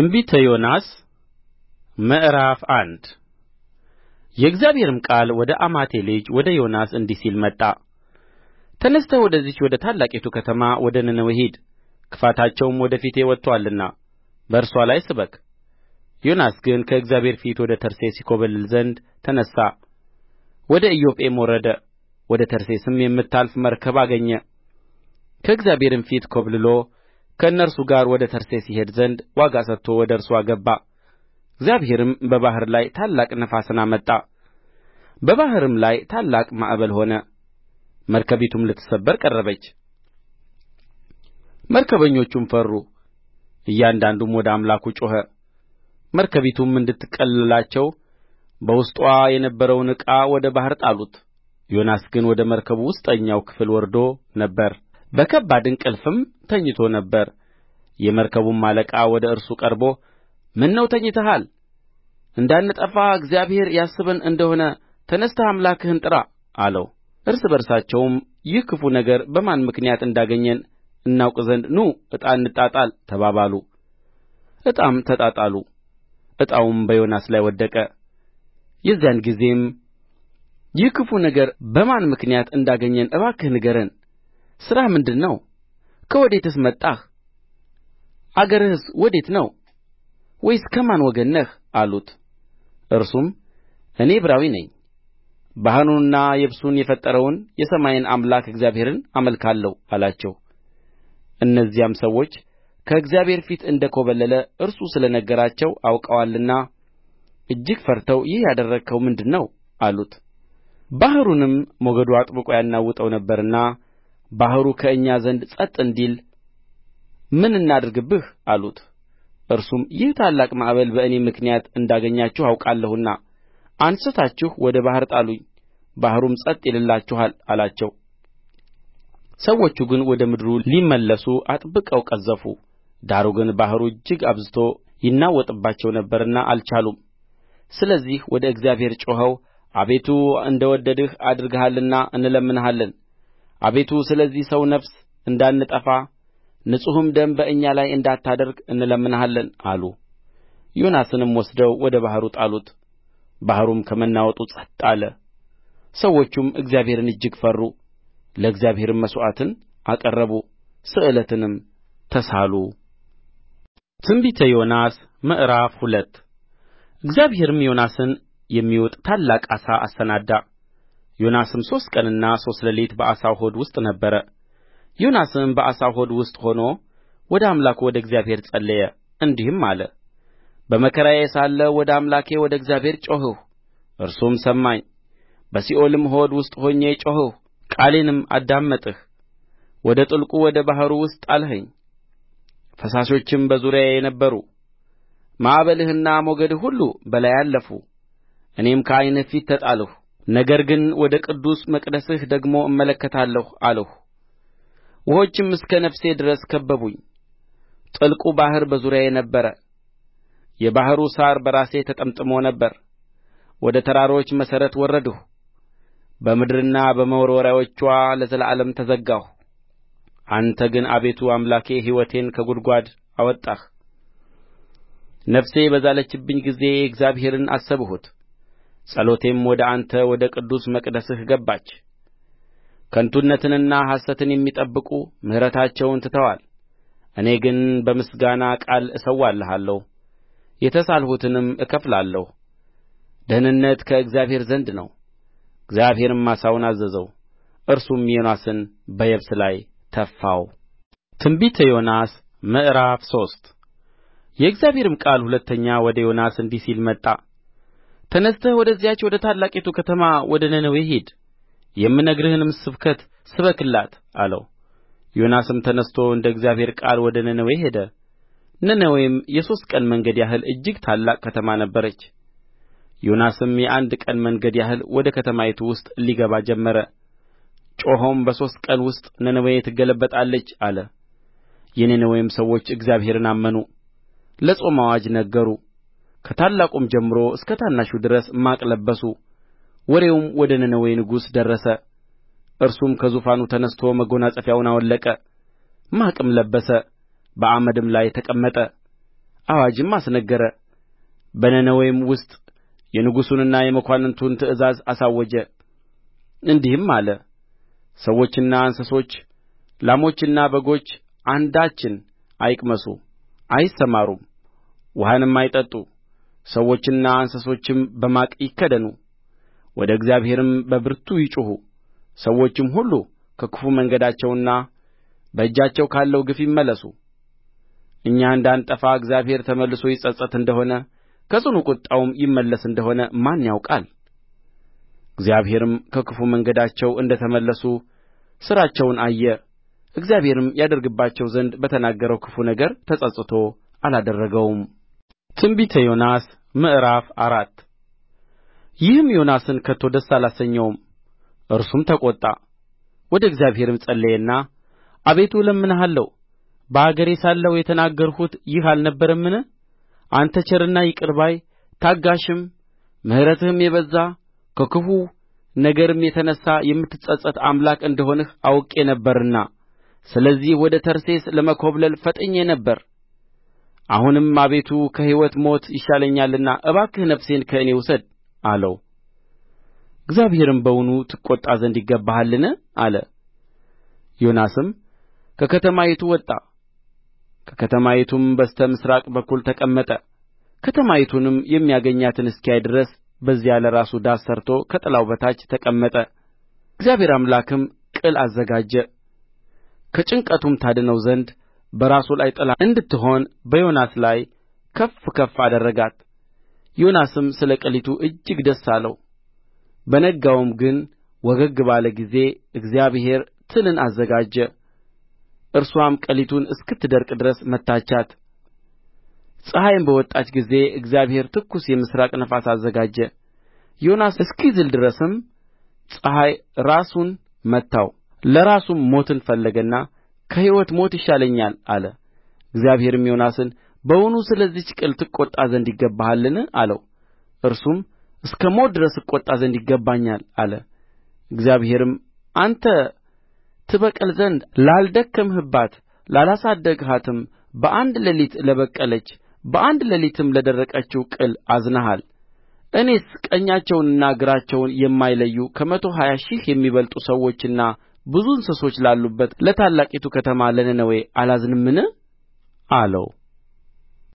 ትንቢተ ዮናስ ምዕራፍ አንድ የእግዚአብሔርም ቃል ወደ አማቴ ልጅ ወደ ዮናስ እንዲህ ሲል መጣ ተነሥተህ ወደዚህች ወደ ታላቂቱ ከተማ ወደ ነነዌ ሂድ ክፋታቸውም ወደ ፊቴ ወጥቶአልና በእርስዋ ላይ ስበክ ዮናስ ግን ከእግዚአብሔር ፊት ወደ ተርሴስ ይኰበልል ዘንድ ተነሣ ወደ ኢዮጴም ወረደ ወደ ተርሴስም የምታልፍ መርከብ አገኘ ከእግዚአብሔርም ፊት ኰብልሎ ከእነርሱ ጋር ወደ ተርሴስ ይሄድ ዘንድ ዋጋ ሰጥቶ ወደ እርስዋ ገባ እግዚአብሔርም በባሕር ላይ ታላቅ ነፋስን አመጣ በባሕርም ላይ ታላቅ ማዕበል ሆነ መርከቢቱም ልትሰበር ቀረበች መርከበኞቹም ፈሩ እያንዳንዱም ወደ አምላኩ ጮኸ መርከቢቱም እንድትቀልላቸው በውስጧ የነበረውን ዕቃ ወደ ባሕር ጣሉት ዮናስ ግን ወደ መርከቡ ውስጠኛው ክፍል ወርዶ ነበር በከባድ እንቅልፍም ተኝቶ ነበር የመርከቡም አለቃ ወደ እርሱ ቀርቦ ምነው ተኝተሃል እንዳንጠፋ እግዚአብሔር ያስበን እንደ ሆነ ተነሥተህ አምላክህን ጥራ አለው እርስ በርሳቸውም ይህ ክፉ ነገር በማን ምክንያት እንዳገኘን እናውቅ ዘንድ ኑ ዕጣ እንጣጣል ተባባሉ ዕጣም ተጣጣሉ ዕጣውም በዮናስ ላይ ወደቀ የዚያን ጊዜም ይህ ክፉ ነገር በማን ምክንያት እንዳገኘን እባክህ ንገረን ሥራህ ምንድር ነው ከወዴትስ መጣህ አገርህስ ወዴት ነው ወይስ ከማን ወገን ነህ አሉት እርሱም እኔ ዕብራዊ ነኝ ባሕሩንና የብሱን የፈጠረውን የሰማይን አምላክ እግዚአብሔርን አመልካለሁ አላቸው እነዚያም ሰዎች ከእግዚአብሔር ፊት እንደ ኰበለለ እርሱ ስለ ነገራቸው አውቀዋልና እጅግ ፈርተው ይህ ያደረግኸው ምንድር ነው አሉት ባሕሩንም ሞገዱ አጥብቆ ያናውጠው ነበርና ባሕሩ ከእኛ ዘንድ ጸጥ እንዲል ምን እናድርግብህ አሉት እርሱም ይህ ታላቅ ማዕበል በእኔ ምክንያት እንዳገኛችሁ አውቃለሁና አንሥታችሁ ወደ ባሕር ጣሉኝ ባሕሩም ጸጥ ይልላችኋል አላቸው ሰዎቹ ግን ወደ ምድሩ ሊመለሱ አጥብቀው ቀዘፉ ዳሩ ግን ባሕሩ እጅግ አብዝቶ ይናወጥባቸው ነበርና አልቻሉም ስለዚህ ወደ እግዚአብሔር ጮኸው አቤቱ እንደ ወደድህ አድርገሃልና እንለምንሃለን አቤቱ ስለዚህ ሰው ነፍስ እንዳንጠፋ ንጹሕም ደም በእኛ ላይ እንዳታደርግ እንለምንሃለን አሉ ዮናስንም ወስደው ወደ ባሕሩ ጣሉት ባሕሩም ከመናወጡ ጸጥ አለ ሰዎቹም እግዚአብሔርን እጅግ ፈሩ ለእግዚአብሔርም መሥዋዕትን አቀረቡ ስእለትንም ተሳሉ ትንቢተ ዮናስ ምዕራፍ ሁለት እግዚአብሔርም ዮናስን የሚውጥ ታላቅ ዓሣ አሰናዳ ዮናስም ሦስት ቀንና ሦስት ሌሊት በዓሣው ሆድ ውስጥ ነበረ ዮናስም በዓሣው ሆድ ውስጥ ሆኖ ወደ አምላኩ ወደ እግዚአብሔር ጸለየ እንዲህም አለ በመከራዬ ሳለሁ ወደ አምላኬ ወደ እግዚአብሔር ጮኽሁ እርሱም ሰማኝ በሲኦልም ሆድ ውስጥ ሆኜ ጮኽሁ ቃሌንም አዳመጥህ ወደ ጥልቁ ወደ ባሕሩ ውስጥ ጣልኸኝ ፈሳሾችም በዙሪያዬ ነበሩ ማዕበልህና ሞገድህ ሁሉ በላዬ አለፉ እኔም ከዓይንህ ፊት ተጣልሁ ነገር ግን ወደ ቅዱስ መቅደስህ ደግሞ እመለከታለሁ አልሁ ውኆችም እስከ ነፍሴ ድረስ ከበቡኝ ጥልቁ ባሕር በዙሪያዬ ነበረ የባሕሩ ሣር በራሴ ተጠምጥሞ ነበር ወደ ተራሮች መሠረት ወረድሁ በምድርና በመወርወሪያዎችዋ ለዘላለም ተዘጋሁ አንተ ግን አቤቱ አምላኬ ሕይወቴን ከጕድጓድ አወጣህ ነፍሴ በዛለችብኝ ጊዜ እግዚአብሔርን አሰብሁት ጸሎቴም ወደ አንተ ወደ ቅዱስ መቅደስህ ገባች ከንቱነትንና ሐሰትን የሚጠብቁ ምሕረታቸውን ትተዋል እኔ ግን በምስጋና ቃል እሠዋልሃለሁ የተሳልሁትንም እከፍላለሁ ደኅንነት ከእግዚአብሔር ዘንድ ነው እግዚአብሔርም ዓሣውን አዘዘው እርሱም ዮናስን በየብስ ላይ ተፋው ትንቢተ ዮናስ ምዕራፍ ሶስት የእግዚአብሔርም ቃል ሁለተኛ ወደ ዮናስ እንዲህ ሲል መጣ ተነሥተህ ወደዚያች ወደ ታላቂቱ ከተማ ወደ ነነዌ ሂድ የምነግርህንም ስብከት ስበክላት አለው ዮናስም ተነሥቶ እንደ እግዚአብሔር ቃል ወደ ነነዌ ሄደ ነነዌም የሦስት ቀን መንገድ ያህል እጅግ ታላቅ ከተማ ነበረች ዮናስም የአንድ ቀን መንገድ ያህል ወደ ከተማይቱ ውስጥ ሊገባ ጀመረ ጮኾም በሦስት ቀን ውስጥ ነነዌ ትገለበጣለች አለ የነነዌም ሰዎች እግዚአብሔርን አመኑ ለጾም አዋጅ ነገሩ ከታላቁም ጀምሮ እስከ ታናሹ ድረስ ማቅ ለበሱ ወሬውም ወደ ነነዌ ንጉሥ ደረሰ እርሱም ከዙፋኑ ተነሥቶ መጐናጸፊያውን አወለቀ ማቅም ለበሰ በአመድም ላይ ተቀመጠ አዋጅም አስነገረ በነነዌም ውስጥ የንጉሡንና የመኳንንቱን ትእዛዝ አሳወጀ እንዲህም አለ ሰዎችና እንስሶች ላሞችና በጎች አንዳችን አይቅመሱ አይሰማሩም ውኃንም አይጠጡ ሰዎችና እንስሶችም በማቅ ይከደኑ ወደ እግዚአብሔርም በብርቱ ይጩኹ ሰዎችም ሁሉ ከክፉ መንገዳቸውና በእጃቸው ካለው ግፍ ይመለሱ እኛ እንዳንጠፋ እግዚአብሔር ተመልሶ ይጸጸት እንደ ሆነ ከጽኑ ቍጣውም ይመለስ እንደ ሆነ ማን ያውቃል እግዚአብሔርም ከክፉ መንገዳቸው እንደ ተመለሱ ሥራቸውን አየ እግዚአብሔርም ያደርግባቸው ዘንድ በተናገረው ክፉ ነገር ተጸጽቶ አላደረገውም ትንቢተ ዮናስ ምዕራፍ አራት ይህም ዮናስን ከቶ ደስ አላሰኘውም እርሱም ተቈጣ ወደ እግዚአብሔርም ጸለየና አቤቱ እለምንሃለሁ በአገሬ ሳለሁ የተናገርሁት ይህ አልነበረምን አንተ ቸርና ይቅር ባይ ታጋሽም ምሕረትህም የበዛ ከክፉ ነገርም የተነሣ የምትጸጸት አምላክ እንደ ሆንህ አውቄ ነበርና ስለዚህ ወደ ተርሴስ ለመኰብለል ፈጥኜ ነበር አሁንም አቤቱ ከሕይወት ሞት ይሻለኛልና እባክህ ነፍሴን ከእኔ ውሰድ አለው እግዚአብሔርም በውኑ ትቈጣ ዘንድ ይገባሃልን አለ ዮናስም ከከተማይቱ ወጣ ከከተማይቱም በስተ ምሥራቅ በኩል ተቀመጠ ከተማይቱንም የሚያገኛትን እስኪያይ ድረስ በዚያ ለራሱ ዳስ ሠርቶ ከጥላው በታች ተቀመጠ እግዚአብሔር አምላክም ቅል አዘጋጀ ከጭንቀቱም ታድነው ዘንድ በራሱ ላይ ጥላ እንድትሆን በዮናስ ላይ ከፍ ከፍ አደረጋት ዮናስም ስለ ቅሊቱ እጅግ ደስ አለው በነጋውም ግን ወገግ ባለ ጊዜ እግዚአብሔር ትልን አዘጋጀ እርስዋም ቅሊቱን እስክትደርቅ ድረስ መታቻት ፀሐይም በወጣች ጊዜ እግዚአብሔር ትኩስ የምሥራቅ ነፋስ አዘጋጀ ዮናስ እስኪዝል ድረስም ፀሐይ ራሱን መታው ለራሱም ሞትን ፈለገና ከሕይወት ሞት ይሻለኛል አለ እግዚአብሔርም ዮናስን በውኑ ስለዚች ቅል ትቈጣ ዘንድ ይገባሃልን አለው እርሱም እስከ ሞት ድረስ እቈጣ ዘንድ ይገባኛል አለ እግዚአብሔርም አንተ ትበቅል ዘንድ ላልደከምህባት ላላሳደግሃትም በአንድ ሌሊት ለበቀለች በአንድ ሌሊትም ለደረቀችው ቅል አዝነሃል እኔስ ቀኛቸውንና ግራቸውን የማይለዩ ከመቶ ሀያ ሺህ የሚበልጡ ሰዎችና ብዙ እንስሶች ላሉባት ለታላቂቱ ከተማ ለነነዌ አላዝንምን አለው